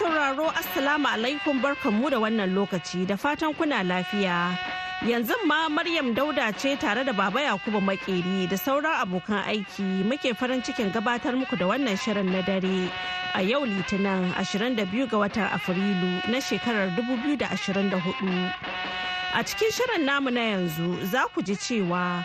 sauraro Assalamu alaikum barkanmu da wannan lokaci da fatan kuna lafiya. Yanzu ma Maryam Dauda ce tare da Baba Yakubu Makeri da sauran abokan aiki muke farin cikin gabatar muku da wannan shirin na dare a yau Litinin 22 ga watan Afrilu na shekarar 2024. A cikin shirin namu na yanzu za ku ji cewa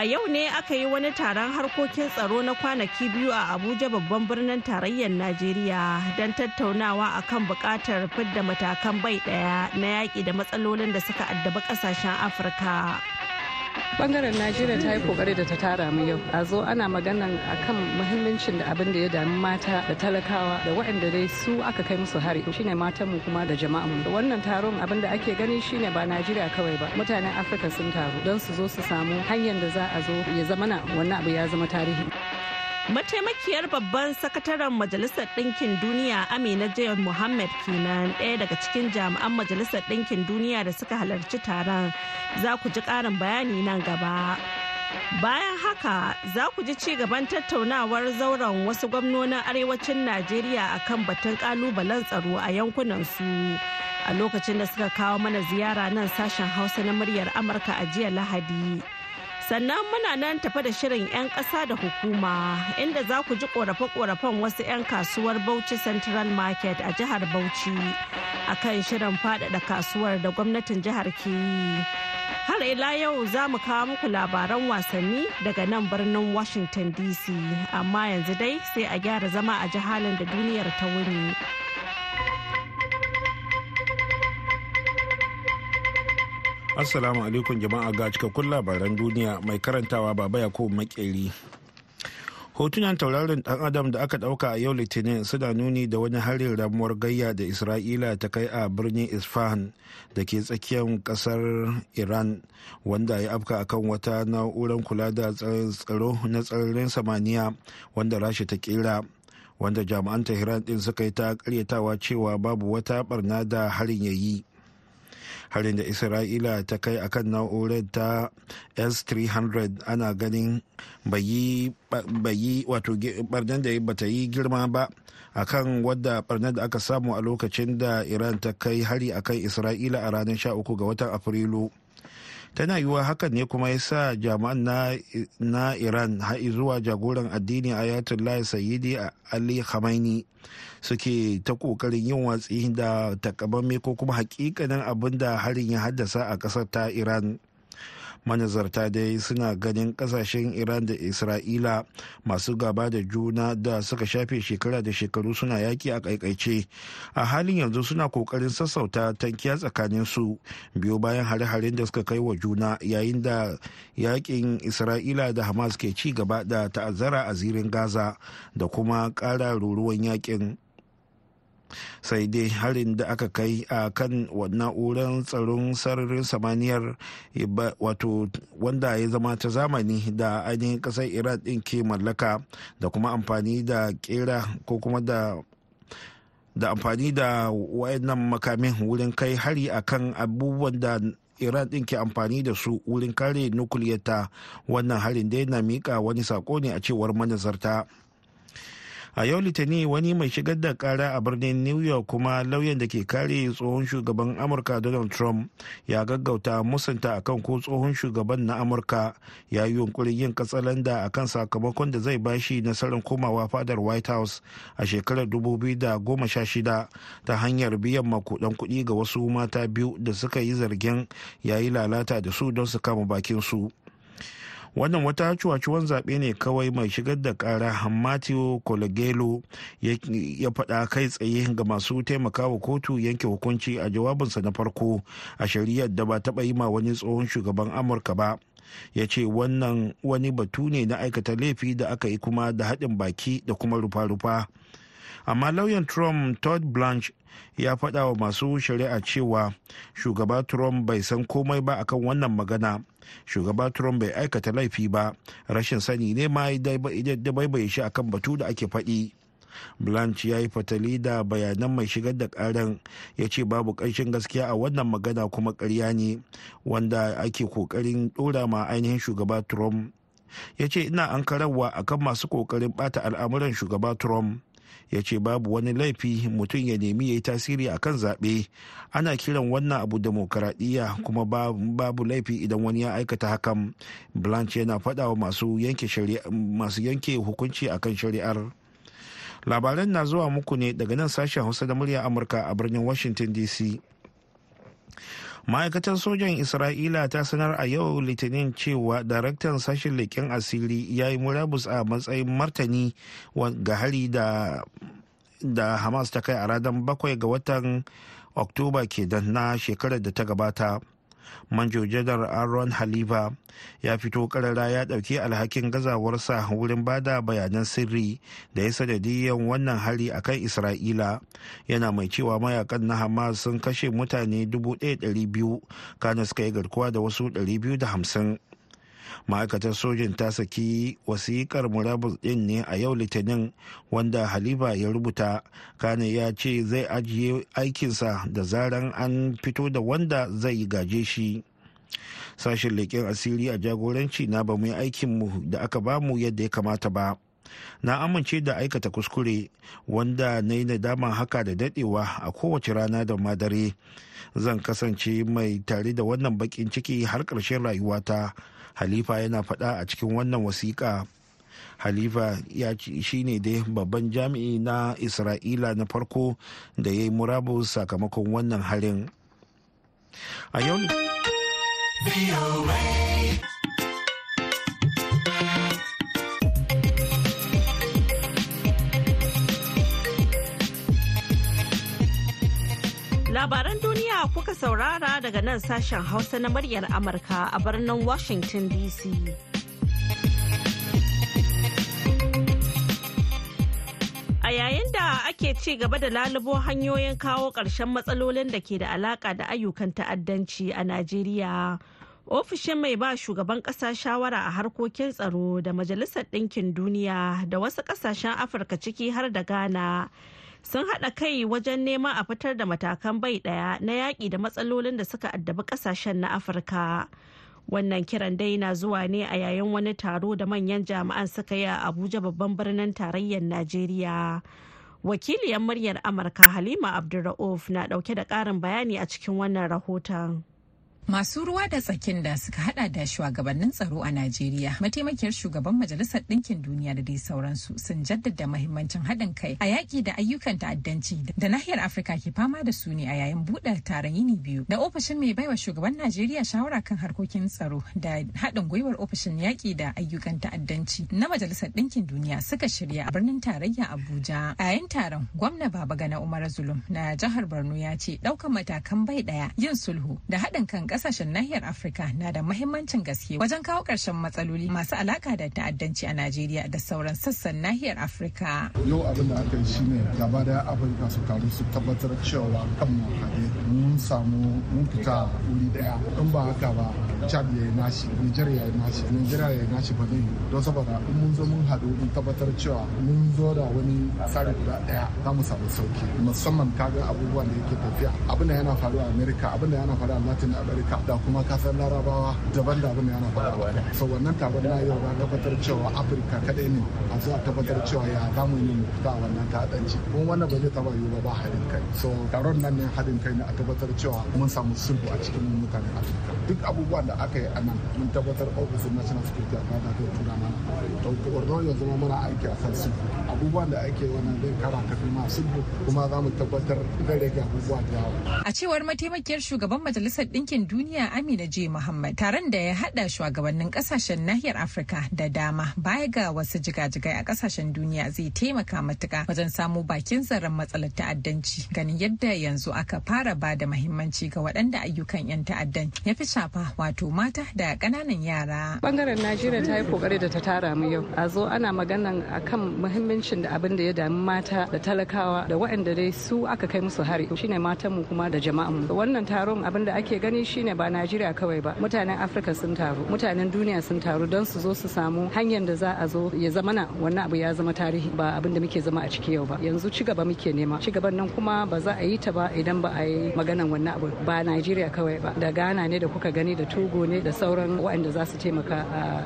a yau ne aka yi wani taron harkokin tsaro na kwanaki biyu a abuja babban birnin tarayyar najeriya don tattaunawa akan bukatar fidda matakan bai daya na yaki da matsalolin da suka addabi kasashen afirka bangaren najeriya ta yi kokari da ta tara mu yau a zo ana maganan kan muhimmancin da abin da ya dami mata da talakawa da waɗanda dai su aka kai musu hari shine matan mu kuma da jama'a mu wannan taron abin da ake gani shine ba najeriya kawai ba mutanen afirka sun taru don su zo su samu hanyar da za a zo ya zamana wannan abu ya zama tarihi mataimakiyar babban sakataren majalisar ɗinkin duniya amina jayar Mohammed kenan ɗaya daga cikin jami'an majalisar ɗinkin duniya da suka halarci taron za ku ji ƙarin bayani nan gaba bayan haka za ku ji ci gaban tattaunawar zauren wasu gwamnonin arewacin najeriya a kan batun ƙalubalen tsaro a yankunansu, a lokacin da suka kawo mana ziyara nan sashen hausa na muryar amurka a jiya lahadi sannan muna nan tafa da shirin 'yan ƙasa da hukuma inda za ku ji ƙorafe-ƙorafen wasu 'yan kasuwar bauchi central market a jihar bauchi a kan shirin faɗaɗa kasuwar da gwamnatin jihar ke yi har ila yau za mu kawo muku labaran wasanni daga nan birnin washington dc amma yanzu dai sai a gyara zama a jihalin da duniyar ta wuni. Assalamu alaikum jama'a ga cikakkun labaran duniya mai karantawa baba ya makeri. Hotunan taurarin dan Adam da aka dauka a yau Litinin suna nuni da wani harin ramuwar gayya da Isra'ila ta kai a birnin Isfahan da ke tsakiyar kasar Iran wanda ya afka akan wata na'urar kula da tsaro na tsarin samaniya wanda rashi ta kera. wanda jami'an Tehran din suka yi ta karyatawa cewa babu wata barna da harin ya yi. harin da isra'ila ta kai akan na'urar ta s-300 ana ganin bayi wato barnar da bata yi girma ba akan wadda barnar da aka samu a lokacin da iran ta kai hari akan isra'ila a ranar 13 ga watan afrilu tana yiwuwa hakan ne kuma ya sa jami'an na iran hai zuwa jagoran addini ayatollah sayyidi ali khamaini suke ta kokarin yin watsi da takamamme ko kuma hakikanin abin da harin ya haddasa a kasar ta iran manazarta dai suna ganin kasashen iran da isra'ila masu gaba da juna da suka shafe shekara da shekaru suna yaki a kaikaice a halin yanzu suna kokarin sassauta tankiya tsakanin su biyo bayan hare-haren da suka kai wa juna yayin da yakin isra'ila da hamas ke ci gaba da ta'azzara a zirin gaza da kuma ƙara ruruwan yakin sai dai harin da aka kai a kan na'urar tsaron sararin samaniyar wato wanda ya zama ta zamani da ainihin kasar iran din ke mallaka da kuma amfani da kera ko kuma da da amfani da wayannan makamin wurin kai hari akan abubuwan da iran din ke amfani da su wurin kare nukuliyata wannan harin dai na miƙa wani sako ne a cewar manazarta. a yau litani wani mai shigar da kara a birnin new york kuma lauyan da ke kare tsohon shugaban amurka donald trump ya gaggauta musanta akan ko tsohon shugaban na amurka ya yi yunkurin yin katsalanda akan sakamakon da zai bashi nasarar komawa fadar white house a shekarar 2016 ta hanyar biyan makudan kudi ga wasu mata biyu da suka yi zargin ya yi lalata da su don su kama bakin su wannan wata cuwacuwan zaɓe ne kawai mai shigar da ƙara matthew colegelo ya faɗa kai tsaye ga masu taimakawa kotu yanke hukunci a jawabinsa na farko a shari'ar da ba taɓa yi ma wani tsohon shugaban amurka ba ya ce wannan wani batu ne na aikata laifi da aka yi kuma da haɗin baki da kuma rufa-rufa amma lauyan trump todd blanche ya faɗa wa masu shari'a cewa shugaba trump bai san komai ba akan wannan magana shugaba trump bai aikata laifi ba rashin sani ne ma da baibaye shi akan batu da ake faɗi blanche ya yi fatali da bayanan mai shigar da ƙarin ya ce babu ƙarshen gaskiya a wannan magana kuma karya ne wanda ake ƙoƙarin ɗora ma ainihin shugaba trump ya ce ina an karawa akan masu ƙoƙarin ɓata al'amuran shugaba trump ya ce babu wani laifi mutum ya nemi ya yi tasiri a kan zaɓe ana kiran wannan abu demokaradiyya kuma babu laifi idan wani ya aikata hakan blanche yana faɗa wa masu yanke hukunci akan shari'ar labaran na zuwa muku ne daga nan sashen hausa da murya amurka a birnin washington dc ma'aikatan sojan isra'ila ta sanar a yau litinin cewa daraktan sashen leƙen asiri ya yi murabus a matsayin martani ga hari da hamas ta kai a ranar bakwai ga watan oktoba kenan na shekarar da ta gabata manjo manjojadar aron halifa ya fito karara ya ɗauki alhakin gazawarsa wurin bada bayanan sirri da ya sanadiyan wannan hari a kan isra'ila yana mai cewa mayakan na hamas sun kashe mutane 1,200 kana suka yi garkuwa da wasu 250 ma'aikatar sojin ta saki wasikar murabus din ne a yau litinin wanda haliba ya rubuta kane ya ce zai ajiye aikinsa da zaran an fito da wanda zai gaje shi sashen leƙen asiri a jagoranci na ba mu yi aikinmu da aka bamu yadda ya kamata ba na amince da aikata kuskure wanda na yi nadama haka da dadewa a kowace rana da madare zan kasance mai tare da wannan bakin ciki har ƙarshen rayuwata halifa yana faɗa a cikin wannan wasiƙa halifa ya shi ne dai babban jami'i na isra'ila na farko da ya yi murabus sakamakon wannan harin a yau Labaran duniya kuka saurara daga nan sashen Hausa na muryar Amurka a birnin Washington DC. A yayin da ake ci gaba da lalubo hanyoyin kawo ƙarshen matsalolin da ke da alaƙa da ayyukan ta'addanci a Najeriya. Ofishin mai ba shugaban ƙasa shawara a harkokin tsaro da Majalisar Ɗinkin Duniya da wasu ƙasashen Afirka ciki har da Ghana sun haɗa kai wajen neman a fitar da matakan bai ɗaya na yaƙi da matsalolin da suka addabi ƙasashen na afirka wannan kiran dai na zuwa ne a yayin wani taro da manyan jami'an suka yi a abuja babban birnin tarayyar najeriya wakiliyar muryar amurka halima abdulra'uf na ɗauke da ƙarin bayani a cikin wannan rahoton Masu ruwa da tsakin da suka hada da shugabannin tsaro a Najeriya, mataimakiyar shugaban Majalisar Ɗinkin Duniya da dai sauransu sun jaddada mahimmancin haɗin kai a yaƙi da ayyukan ta'addanci da nahiyar Afirka ke fama da su ne a yayin buɗe taron yini biyu da ofishin mai baiwa shugaban Najeriya shawara kan harkokin tsaro da haɗin gwiwar ofishin yaƙi da ayyukan ta'addanci na Majalisar Ɗinkin Duniya suka shirya a birnin tarayya Abuja. A yayin taron, gwamna babagana Gana Umar Zulum na jihar Borno ya ce ɗaukan matakan bai ɗaya yin sulhu da haɗin kan kasashen nahiyar Afirka na da mahimmancin gaske wajen kawo ƙarshen matsaloli masu alaka da ta'addanci a Najeriya da sauran sassan nahiyar Afirka. Yau abin da aka yi shine gaba da Afirka su taru su tabbatar cewa kan mu mun samu mun fita wuri daya in ba haka ba Chad ya yi nashi, Nijar ya yi nashi, Nigeria ya yi nashi ba zai don saboda in mun zo mun haɗu mun tabbatar cewa mun zo da wani tsari guda daya za mu samu sauki musamman kaga abubuwan da yake tafiya abin da yana faruwa a America abin da yana faruwa a Latin America Amurka da kuma kasar larabawa daban-daban ne ana faɗa so wannan taron na yau na tabbatar cewa afirka kaɗai ne a zuwa tabbatar cewa ya za mu yi ta wannan ta'addanci kuma wannan ba zai taba yiwu ba haɗin kai so taron nan ne haɗin kai ne a tabbatar cewa mun samu sulhu a cikin mutanen afirka duk abubuwan da aka yi a nan mun tabbatar ofisin national security a kada ta tura mana to ordo ya zama muna aiki a kan sulhu abubuwan da ake wannan zai kara ta kuma sulhu kuma za mu tabbatar zai rage abubuwa da yawa a cewar mataimakiyar shugaban majalisar ɗinkin duniya Amina J. Muhammad taron da ya hada shugabannin kasashen nahiyar Afirka da dama baya ga wasu jigajigai a kasashen duniya zai taimaka matuka wajen samo bakin zaren matsalar ta'addanci ganin yadda yanzu aka fara ba da mahimmanci ga waɗanda ayyukan 'yan ta'addan ya fi shafa wato mata da kananan yara. Bangaren Najeriya ta yi kokari da ta tara mu yau. A zo ana maganan akan mahimmancin da abin da ya dami mata da talakawa da waɗanda dai su aka kai musu hari shine matanmu kuma da jama'anmu. Wannan taron abin da ake gani shi shine ba najeriya kawai ba mutanen afirka sun taru mutanen duniya sun taru don su zo su samu hanyar da za a zo ya zama na wannan abu ya zama tarihi ba abin da muke zama a ciki yau ba yanzu ci gaba muke nema ci gaban nan kuma ba za a yi ta ba idan ba a yi maganan wannan abu ba najeriya kawai ba da ghana ne da kuka gani da togo ne da sauran waɗanda za su taimaka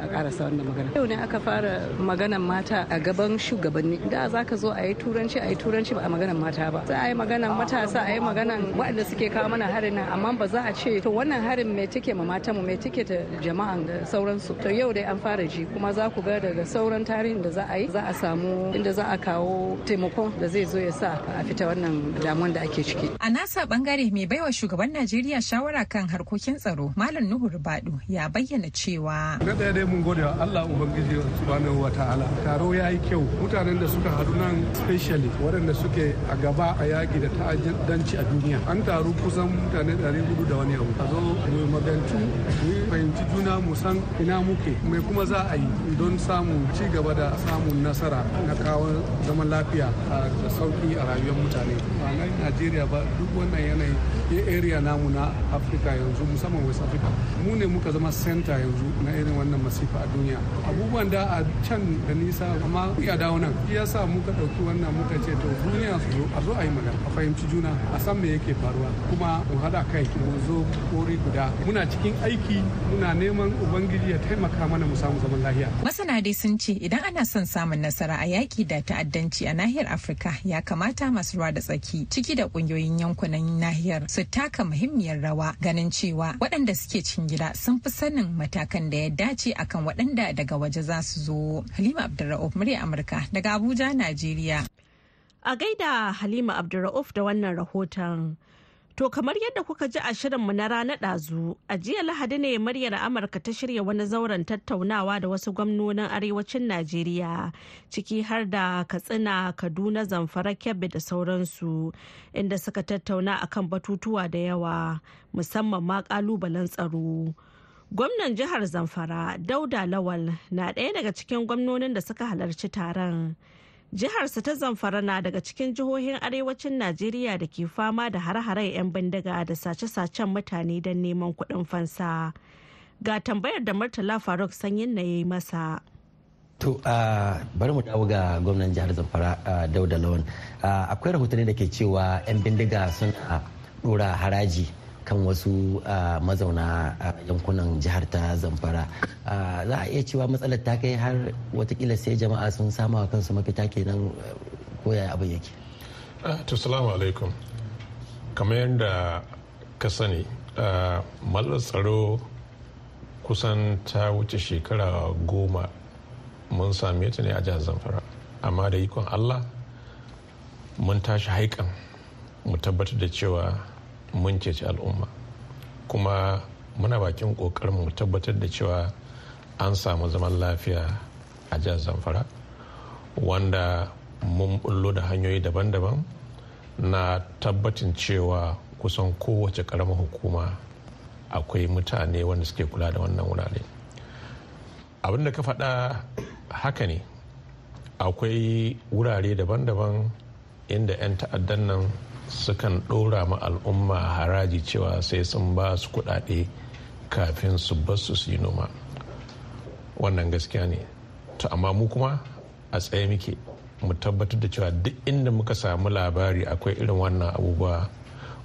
a karasa wannan magana yau ne aka fara maganan mata a gaban shugabanni da za ka zo a yi turanci a yi turanci ba a maganan mata ba za a yi maganan matasa a yi maganan waɗanda suke kawo mana harin nan amma ba za a ce to wannan harin mai take ma mata mu mai take ta jama'an da sauransu to yau dai an fara ji kuma za ku ga daga sauran tarihin da za a yi za a samu inda za a kawo taimakon da zai zo ya sa a fita wannan damuwan da ake ciki a nasa bangare mai baiwa shugaban najeriya shawara kan harkokin tsaro malam nuhu rubadu ya bayyana cewa na daya dai mun gode wa allah ubangiji subhanahu wa ta'ala taro ya yi kyau mutanen da suka haɗu nan specially waɗanda suke a gaba a yaƙi da ta'addanci a duniya an taru kusan mutane 400 da wani abu 都为我们点赞。fahimci juna mu san ina muke mai kuma za a yi don samu ci gaba da samun nasara na kawo zaman lafiya da sauki a rayuwar mutane a nan najeriya ba duk wannan yanayi ya area namu na afirka yanzu musamman west africa mu ne muka zama center yanzu na irin wannan masifa a duniya abubuwan da a can da nisa amma iya dawo nan ya sa muka ɗauki wannan muka ce to duniya su zo a zo a yi magana a fahimci juna a san me yake faruwa kuma mu hada kai mu zo kori guda muna cikin aiki muna neman ubangiji ya taimaka mana mu samu zaman lahiya. masana dai sun ce idan ana son samun nasara a yaki da ta'addanci a nahiyar afirka ya kamata masu ruwa da tsaki ciki da kungiyoyin yankunan nahiyar su taka muhimmiyar rawa ganin cewa waɗanda suke cin gida sun fi sanin matakan da ya dace akan waɗanda daga waje za su zo halima abdulra'uf murya amurka daga abuja najeriya a gaida halima abdulra'uf da wannan rahoton To kamar yadda kuka ji a shirinmu na rana ɗazu, a jiya Lahadi ne muryar Amurka ta shirya wani zauren tattaunawa da wasu gwamnonin arewacin Najeriya, ciki har da Katsina, Kaduna, Zamfara, Kebbi da sauransu, inda suka tattauna akan batutuwa da yawa, musamman ma ƙalubalen tsaro. Gwamnan jihar Zamfara, Dauda Lawal, na ɗaya daga cikin gwamnonin da suka halarci taron. Jiharsa ta zamfara na daga cikin jihohin arewacin Najeriya da ke fama da hare-haren 'yan bindiga da sace-sacen mutane don neman kuɗin fansa. Ga tambayar da Murtala Faruk sanyin na ya yi masa. To bari mu dawo ga gwamnan jihar Zamfara Dauda Lawan. Akwai rahotanni da ke cewa 'yan bindiga suna dora haraji kan wasu mazauna yankunan jihar ta zamfara za a iya cewa matsalar ta kai har watakila sai jama'a sun sama wa kansu mafita kenan koya abin yake to salamu alaikum kamar yadda ka sani matsalar tsaro kusan ta wuce shekara goma mun same ta ne a jihar zamfara amma da ikon allah mun tashi haikan mu tabbatar da cewa mun ceci al'umma kuma muna bakin kokarin mu tabbatar da cewa an samu zaman lafiya a jihar zamfara wanda mun bullo da hanyoyi daban-daban na tabbatin cewa kusan kowace karamar hukuma akwai mutane wanda suke kula da wannan wurare abinda ka faɗa haka ne akwai wurare daban-daban inda 'yan ta'addan nan sukan ɗora ma al'umma haraji cewa sai sun ba su kuɗaɗe kafin su basu su yi noma wannan gaskiya ne to amma mu kuma a tsaye muke mu tabbatar da cewa duk inda muka samu labari akwai irin wannan abubuwa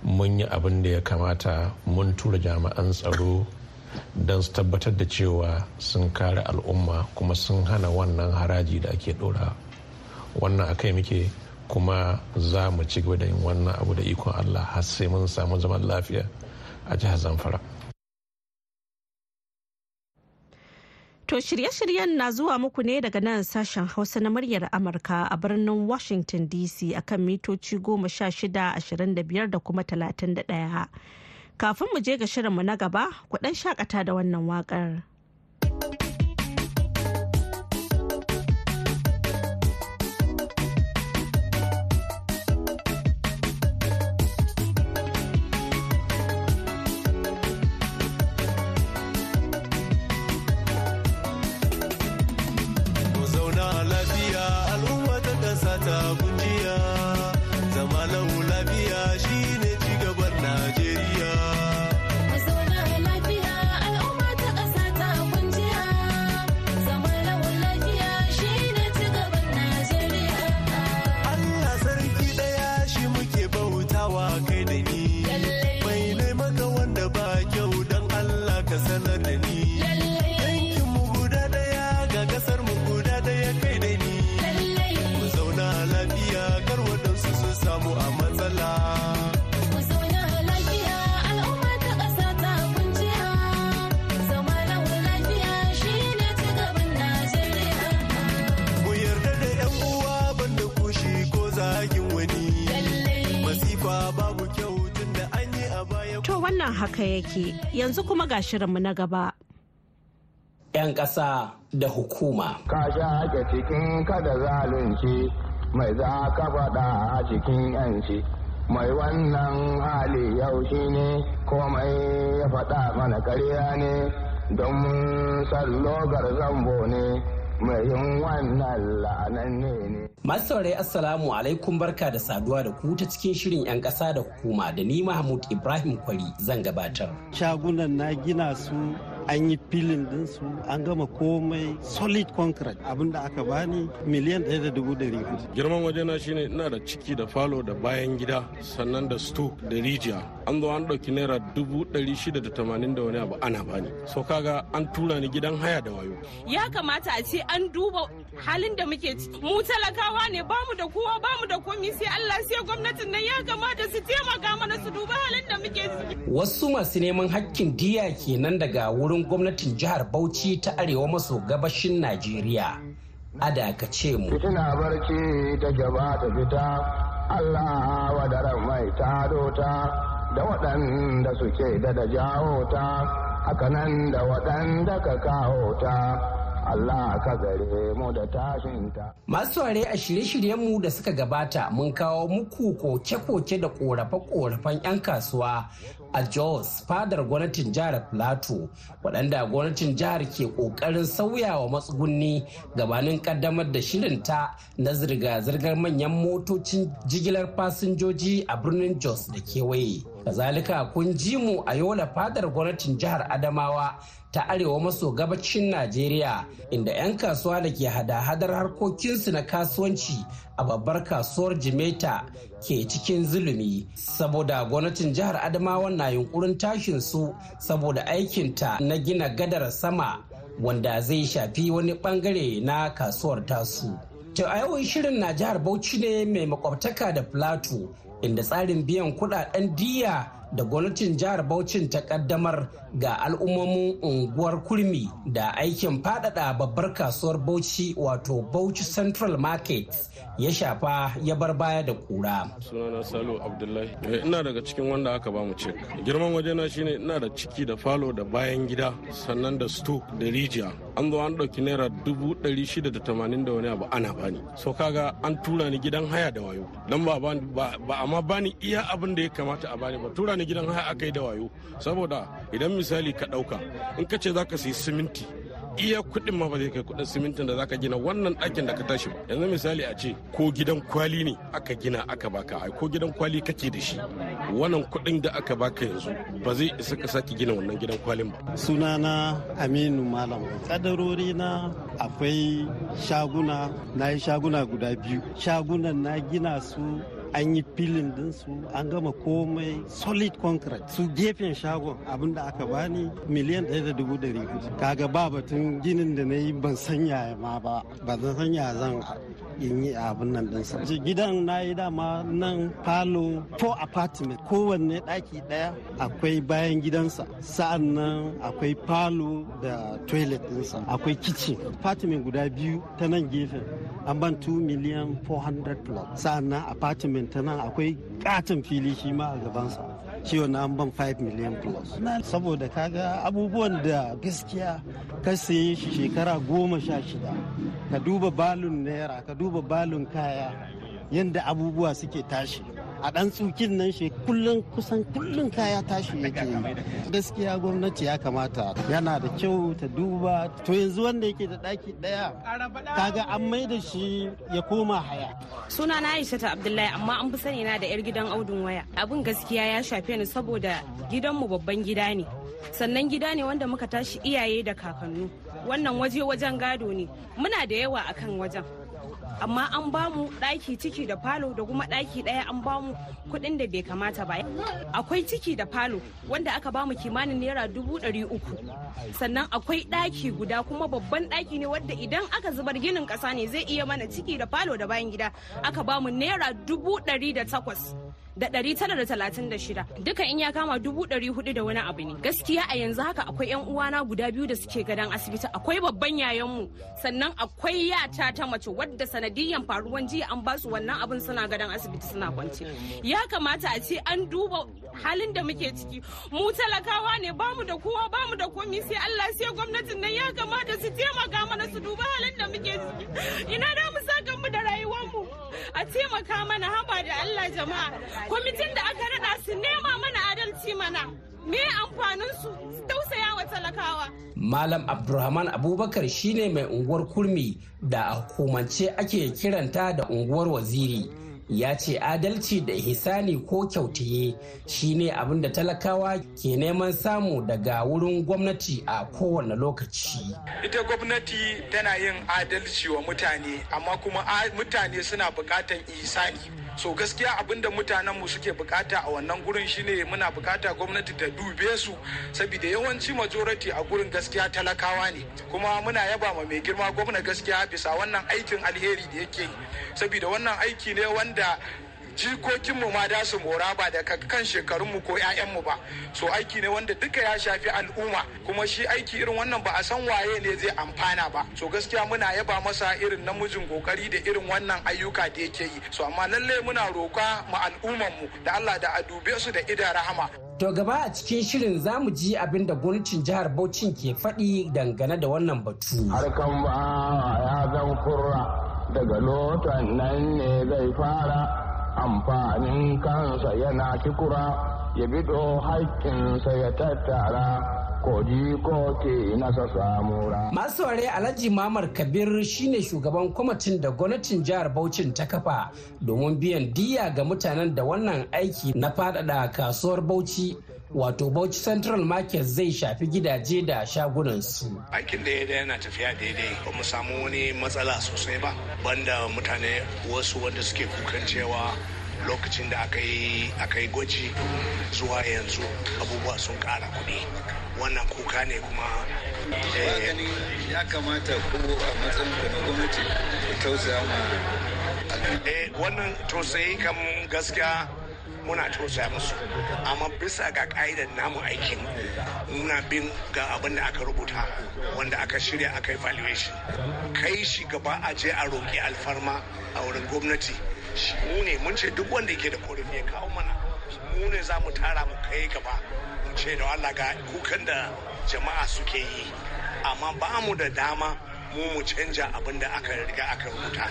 mun yi abin da ya kamata mun tura jami'an tsaro don su tabbatar da cewa sun kare al'umma kuma sun hana wannan haraji da ake ɗora wannan akai muke kuma za mu ci gaba da yin wannan abu da ikon allah har sai mun samu zaman lafiya a jihar zamfara To shirye-shiryen na zuwa muku ne daga nan sashen Hausa na muryar Amurka a birnin Washington DC akan mitoci goma sha shida ashirin da biyar da kuma talatin da ɗaya. Kafin mu je ga shirinmu na gaba, ku ɗan shakata da wannan waƙar. yake yanzu kuma ga shirinmu na gaba. 'Yan ƙasa da hukuma. Ka sha ake cikin kada zalunci mai za ka faɗa a cikin 'yanci. Mai wannan hali yau shi ne komai ya faɗa mana karya ne don sallogar zambo ne mai yin wannan la'anan ne ne. Masu saurayi Assalamu alaikum barka da saduwa da ku ta cikin shirin 'yan ƙasa da hukuma da ni Mahmud Ibrahim Kwari zan gabatar. Shagunan na gina su an yi filin dinsu an gama komai solid concrete abin da aka bani miliyan ɗaya da dubu ɗari girman wajena shine ina da ciki da falo da bayan gida sannan da sto da rijiya an zo an ɗauki naira dubu ɗari shida da tamanin da wani abu ana bani so kaga an tura ni gidan haya da wayo ya kamata a ce an duba halin da muke ciki mu talakawa ne bamu da kowa bamu da komi sai Allah sai gwamnatin nan ya kamata su taimaka mana su duba halin da muke ciki wasu masu neman hakkin diya kenan daga wurin hannun gwamnatin jihar Bauchi ta arewa maso gabashin Najeriya. a ka ce mu. Fitina barci ta gaba ta fita, Allah wadaran mai ta dota da waɗanda suke da da jawo ta, hakanan da waɗanda ka kawo ta. Allah ka gare mu da tashinta. Masu ware a shirye-shiryenmu da suka gabata mun kawo muku koke-koke da korafe-korafen 'yan kasuwa a jos fadar gwamnatin jihar plateau waɗanda gwamnatin jihar ke ƙoƙarin sauyawa matsugunni gabanin ƙaddamar da shirinta na zirga-zirgar manyan motocin jigilar fasinjoji a birnin jos da kewaye kazalika kun ji mu a yola fadar gwamnatin jihar adamawa ta arewa maso gabacin najeriya inda 'yan kasuwa da ke hada-hadar harkokinsu na kasuwanci a babbar kasuwar jimeta ke cikin zulumi saboda gwamnatin jihar adamawa na yunkurin tashin su saboda aikinta na gina gadar sama wanda zai shafi wani bangare na kasuwar tasu ta yawon shirin na jihar bauchi ne mai makwabtaka da plateau inda tsarin biyan kudaden diya da gwamnatin jihar Bauchin ta kaddamar ga al'ummomin unguwar kurmi da aikin faɗaɗa babbar kasuwar Bauchi wato Bauchi Central Market ya shafa ya bar baya da kura. Sunana Salo Abdullahi. Eh, ina daga cikin wanda aka ba mu Girman wajena shine ina da ciki da falo da bayan gida sannan da sto da rijiya. An zo an ɗauki naira dubu ɗari shida da tamanin da wani abu ana bani. So kaga an tura ni gidan haya da wayo. Dan ba ba amma bani iya abin da ya kamata a bani ba. Tura wani gidan haya aka yi da wayo saboda idan misali ka ɗauka in ka ce za ka sayi siminti iya kuɗin ma ba zai kai kuɗin simintin da zaka gina wannan ɗakin da ka tashi ba yanzu misali a ce ko gidan kwali ne aka gina aka baka ai ko gidan kwali kake da shi wannan kuɗin da aka baka yanzu ba zai isa ka sake gina wannan gidan kwalin ba sunana aminu malam kadarori na akwai shaguna na yi shaguna guda biyu shagunan na gina su an yi filin su an gama komai solid concrete su gefen shagon abin da aka bani miliyan ɗaya da dubu ɗari kaga ba batun ginin da na yi ban sanya ma ba ba zan sanya zan in yi abin nan ɗinsa. Gidan na yi dama nan falo ko apartment kowanne ɗaki ɗaya akwai bayan gidansa sa'an nan akwai falo da toilet ɗinsa akwai kitchen apartment guda biyu ta nan gefen an ban 2 miliyan 400 plus. sa'an nan apartment ta nan akwai katin fili shi ma a gabansa shi wani an ban 5 miliyan plus saboda kaga abubuwan da gaskiya ka sayi shi shekara goma sha shida ka duba balun naira ka duba duba balun kaya yadda abubuwa suke tashi a ɗan tsukin nan shi kullum kusan kullum kaya tashi yake yi gaskiya gwamnati ya kamata yana da kyau ta duba to yanzu wanda yake da ɗaki ɗaya kaga an mai da shi ya koma haya suna na aisha ta abdullahi amma an fi sani na da yar gidan audun waya abin gaskiya ya shafe ni saboda gidanmu babban gida ne sannan gida ne wanda muka tashi iyaye da kakannu wannan waje wajen gado ne muna da yawa akan wajen amma an bamu ɗaki ciki da falo da kuma ɗaki ɗaya an ba mu kuɗin da bai kamata ba akwai ciki da falo wanda aka bamu kimanin naira dubu ɗari uku sannan akwai ɗaki guda kuma babban ɗaki ne wadda idan aka zubar ginin ƙasa ne zai iya mana ciki da falo da bayan gida aka bamu naira dubu ɗari da takwas da ɗari tara da talatin da shida duka in ya kama dubu ɗari hudu da wani abu ne gaskiya a yanzu haka akwai yan uwana guda biyu da suke gadon asibiti akwai babban yayan mu sannan akwai yata ta mace wadda sanadiyan faruwan jiya an ba su wannan abin suna gadon asibiti suna kwance ya kamata a ce an duba halin da muke ciki mu talakawa ne ba mu da kowa ba mu da komi sai Allah sai gwamnatin nan ya kamata su taimaka mana su duba halin da muke ciki ina da mu saka mu da rayuwar mu a taimaka mana haba da Allah jama'a kwamitin da aka raɗa su nema mana adalci mana me amfanin su tausaya wa talakawa. Malam Abdulrahman Abubakar shine mai unguwar kurmi da a hukumance ake kiranta da unguwar waziri. ya ce adalci da hisani ko kyautiye shine abin da talakawa ke neman samu daga wurin gwamnati a kowane lokaci ita gwamnati tana yin adalci wa mutane amma kuma mutane suna bukatan ihsani so gaskiya abinda mutanenmu suke bukata a wannan gurin shine muna bukata gwamnati ta dube su saboda yawanci majority a gurin gaskiya talakawa ne kuma muna yaba ma mai girma gwamna gaskiya bisa wannan aikin alheri da yake yi saboda wannan aiki ne wanda jikokinmu ma da su mora ba daga kan shekarunmu ko 'ya'yanmu ba so aiki ne wanda duka ya shafi al'umma kuma shi aiki irin wannan ba a san waye ne zai amfana ba so gaskiya muna yaba masa irin namijin kokari da irin wannan ayyuka da yake yi so amma lalle muna roka ma mu, da Allah da a dube su da idan rahama To gaba a cikin shirin za mu ji abin da gwamnatin jihar Bauchi ke faɗi dangane da wannan batu. Harkan ba ya zan kurra daga lotan nan ne zai fara amfanin kansa yana kikura ya bido haƙƙinsa ya tattara Masu ware Alhaji Mamar Kabir shine shugaban kwamitin da gwamnatin jihar Bauchi ta kafa domin biyan diya ga mutanen da wannan aiki na faɗaɗa kasuwar Bauchi wato Bauchi Central Market zai shafi gidaje da shagunansu. Aikin da ya yana tafiya daidai ba mu samu wani matsala sosai ba banda mutane wasu wanda suke kukan cewa lokacin da aka yi gwaji zuwa yanzu abubuwa sun kara kuɗi wannan kuka ne kuma eh, ya kamata ko a matsayin na gwamnati ku tausaya ma eh, wannan tausayi kam gaskiya muna tausaya musu amma bisa ga ka'idar namu aikin muna bin ga abin da aka rubuta wanda aka shirya aka yi valuation kai shi gaba a je a roƙi alfarma a wurin gwamnati shi mu ne mun ce duk wanda yake da korafi ya kawo mana mu ne za mu tara mu kai gaba mu ce da Allah ga kukan da jama'a suke yi amma ba mu da dama mu mu canja abin da aka riga aka rubuta.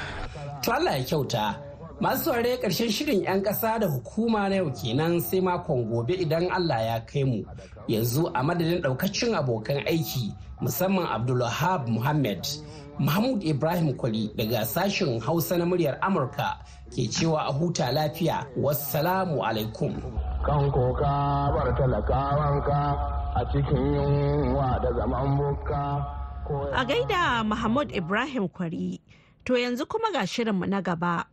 To Allah ya kyauta Masu saurare ƙarshen shirin 'yan ƙasa da hukuma na yau kenan sai makon gobe idan Allah ya kai mu. Yanzu a madadin ɗaukacin abokan aiki musamman Abdulwahab Muhammad. Mahmud Ibrahim Kwali daga sashen Hausa na muryar Amurka ke cewa a huta lafiya wassalamu alaikum. Kan koka bar talakawanka a cikin yunwa da zaman A gaida Mahmud Ibrahim Kwari, to yanzu kuma ga shirinmu na gaba.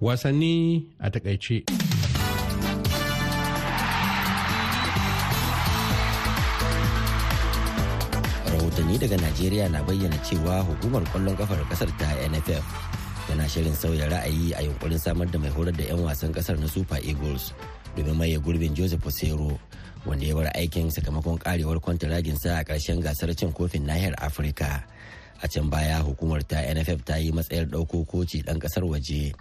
wasanni a takaice. rahotanni daga najeriya na bayyana cewa hukumar kwallon kafar kasar ta nff tana shirin sauya ra'ayi a yunkurin samar da mai horar da 'yan wasan kasar na super eagles domin maye gurbin joseph osero wanda ya bar aikin sakamakon karewar kwantaraginsa a ƙarshen gasar cin kofin nahiyar afirka a can baya hukumar ta nff ta yi matsayar ɗauko koci ɗan ƙasar waje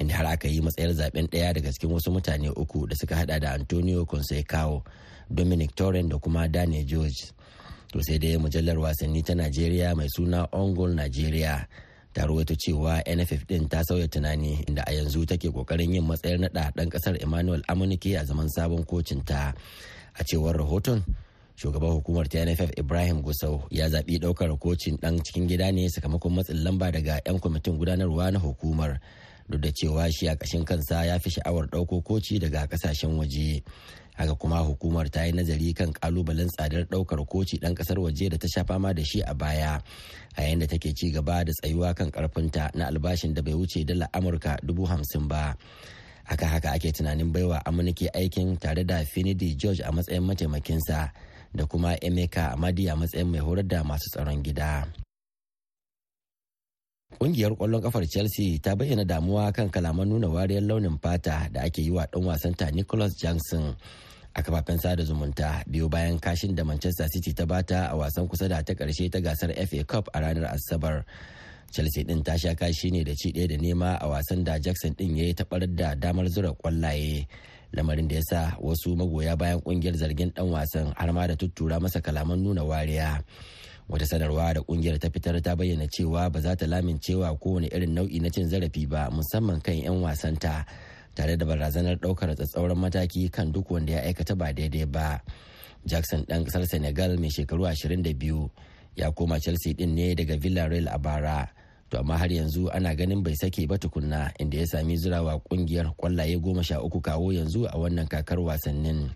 inda har aka yi matsayar zaben ɗaya daga cikin wasu mutane uku da suka hada da antonio consecawo dominic torren da kuma daniel george to sai dai mujallar wasanni ta nigeria mai suna ongol nigeria ta ruwaito cewa nff din ta sauya tunani inda a yanzu take kokarin yin matsayar naɗa ɗan ƙasar emmanuel amunike a zaman sabon kocin ta a cewar rahoton shugaban hukumar ta nff ibrahim gusau ya zaɓi ɗaukar kocin ɗan cikin gida ne sakamakon matsin lamba daga 'yan kwamitin gudanarwa na hukumar duk da cewa shi a ƙashin kansa ya fi sha'awar ɗauko koci daga ƙasashen waje haka kuma hukumar ta yi nazari kan kalubalen tsadar ɗaukar koci ɗan ƙasar waje da ta sha fama da shi a baya a yayin da take ci gaba da tsayuwa kan ƙarfinta na albashin da bai wuce dala amurka dubu hamsin ba haka haka ake tunanin baiwa amurka aikin tare da finidi george a matsayin mataimakinsa da kuma emeka amadi a matsayin mai horar da masu tsaron gida Ƙungiyar ƙwallon ƙafar Chelsea ta bayyana damuwa kan kalaman nuna wariyar launin fata da ake yi wa ɗan wasanta Nicholas johnson a kafafen sada zumunta biyu bayan kashin da Manchester City ta bata a wasan kusa da ta ƙarshe ta gasar FA Cup a ranar Asabar. Chelsea ɗin ta sha kashi ne da ci ɗaya da nema a wasan da Jackson ɗin ya yi taɓarar da damar zura ƙwallaye. lamarin da ya sa wasu magoya bayan ƙungiyar zargin ɗan wasan har ma da tuttura masa kalaman nuna wariya wata sanarwa da kungiyar ta fitar ta bayyana cewa ba za ta lamincewa kowane irin nau'i na cin zarafi ba musamman kan 'yan wasanta tare da barazanar ɗaukar tsatsauran mataki kan duk wanda ya aikata ba daidai ba jackson ɗan ƙasar senegal mai shekaru 22 ya koma chelsea ɗin ne daga villarreal a bara to amma har yanzu ana ganin bai sake ba tukunna inda ya sami zurawa kungiyar kwallaye goma sha uku kawo yanzu a wannan kakar wasannin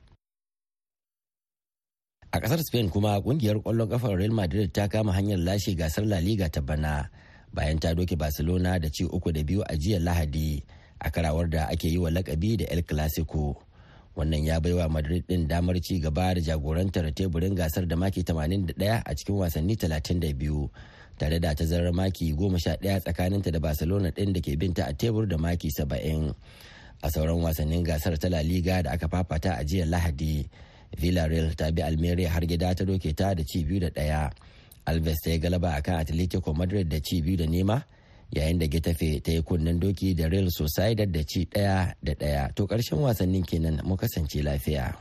a kasar spain kuma kungiyar kwallon kafar real madrid ta kama hanyar lashe gasar la liga ta bana bayan ta doke barcelona da ci uku da biyu a jiya lahadi a karawar da ake yi wa lakabi da el clasico wannan ya baiwa madrid din damar ci gaba da jagorantar teburin gasar da maki 81 a cikin wasanni 32 tare da ta zarar maki 11 tsakaninta da barcelona din da ke binta a tebur da maki 70 a sauran wasannin gasar ta la liga da aka fafata a jiya lahadi villarreal ta bi almeria har gida ta doke ta da ci biyu da ɗaya alves ta yi galaba a kan atletico madrid da ci biyu da nema yayin da getafe ta yi kunnen doki da real sociedad da ci ɗaya da ɗaya to ƙarshen wasannin kenan mu kasance lafiya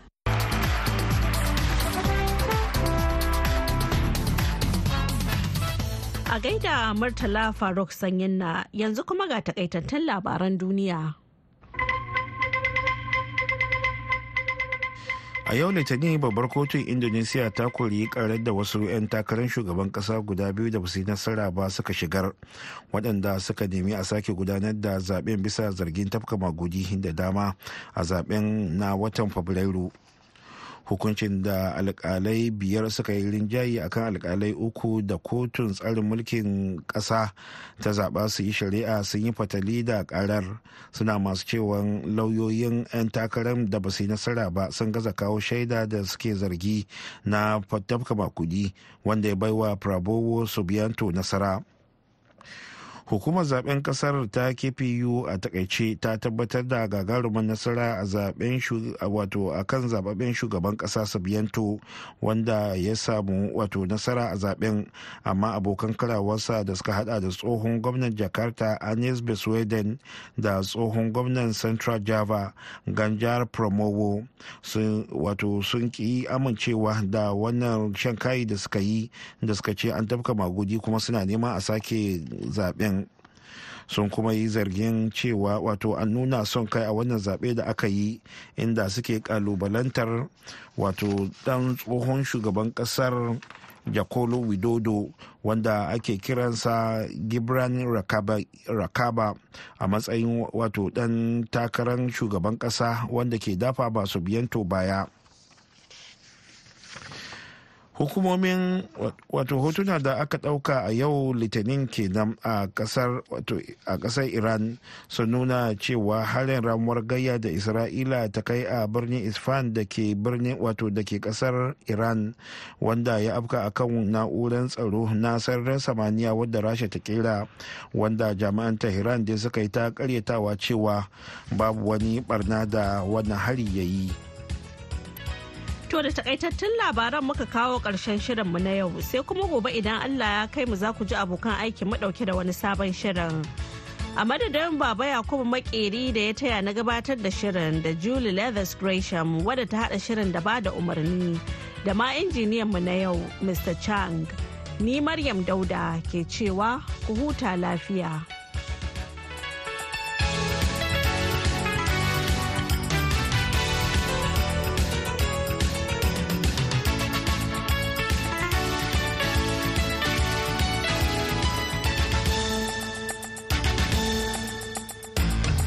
a gaida murtala faruk sanyin na yanzu kuma ga takaitattun labaran duniya a yau litinin babbar kotun indonesiya ta kori karar da wasu 'yan takarar shugaban kasa guda biyu da basu nasara ba suka shigar waɗanda suka nemi a sake gudanar da zaben bisa zargin tafka magudi da dama a zaben na watan fabrairu hukuncin da alkalai biyar suka yi rinjaye akan alkalai uku da kotun tsarin mulkin ƙasa ta zaba su yi shari'a sun yi fatali da ƙarar suna masu cewa lauyoyin 'yan takarar da ba su yi nasara ba sun gaza kawo shaida da suke zargi na fatafka makudi wanda ya baiwa prabowo subianto nasara hukumar zaben kasar ta kpu a takaice ta tabbatar da gagarumin nasara a zaben wato a kan zababben shugaban kasa sabiyanto wanda ya samu wato nasara a zaben amma abokan karawarsa da suka hada da tsohon gwamnan jakarta anes besweden da tsohon gwamnan central java ganjar promovo sun wato sun ki amincewa da wannan shan kayi da suka yi da suka ce an tafka magudi kuma suna neman a sake zaben sun kuma yi zargin cewa wato an nuna son kai a wannan zaɓe da aka yi inda suke kalubalantar wato ɗan tsohon shugaban ƙasar jakolo widodo wanda ake kiransa gibran rakaba, a matsayin wato ɗan takarar shugaban ƙasa wanda ke dafa ba su biyanto baya hukumomin wato hotuna da aka ɗauka a yau litinin kenan a ƙasar iran sun nuna cewa harin ramuwar gayya da isra'ila ta kai a birnin isfan da ke birnin wato da ke ƙasar iran wanda ya afka a kan na'urar tsaro na sararin samaniya wadda rasha ta kera wanda jami'an tehran da suka yi ta karyatawa cewa babu wani barna da wannan hari ya yi To da takaitattun labaran muka kawo ƙarshen shirinmu na yau sai kuma gobe idan Allah ya kai mu za ku ji abokan aiki mu ɗauke da wani sabon shirin. A madadin Baba Yakubu Makeri da ya taya na gabatar da shirin da Julie Leathers Gresham wadda ta haɗa shirin da ba da umarni da ma injiniyan mu na yau Mr. Chang. Ni Maryam Dauda ke cewa ku huta lafiya.